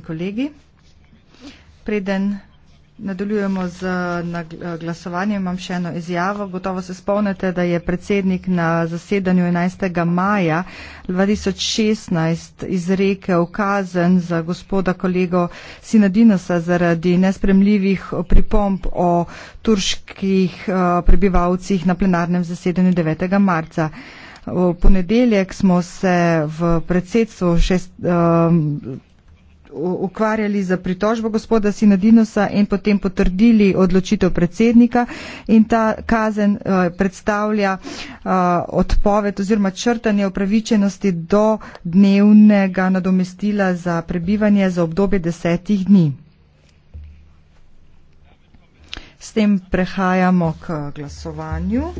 in kolegi. Preden nadaljujemo z glasovanjem, imam še eno izjavo. Gotovo se spomnite, da je predsednik na zasedanju 11. maja 2016 izrekel kazen za gospoda kolego Sinadinosa zaradi nespremljivih pripomp o turških eh, prebivalcih na plenarnem zasedanju 9. marca. V ponedeljek smo se v predsedstvu šest, um, ukvarjali za pritožbo gospoda Sinodinosa in potem potrdili odločitev predsednika in ta kazen eh, predstavlja eh, odpoved oziroma črtanje upravičenosti do dnevnega nadomestila za prebivanje za obdobje desetih dni. S tem prehajamo k glasovanju.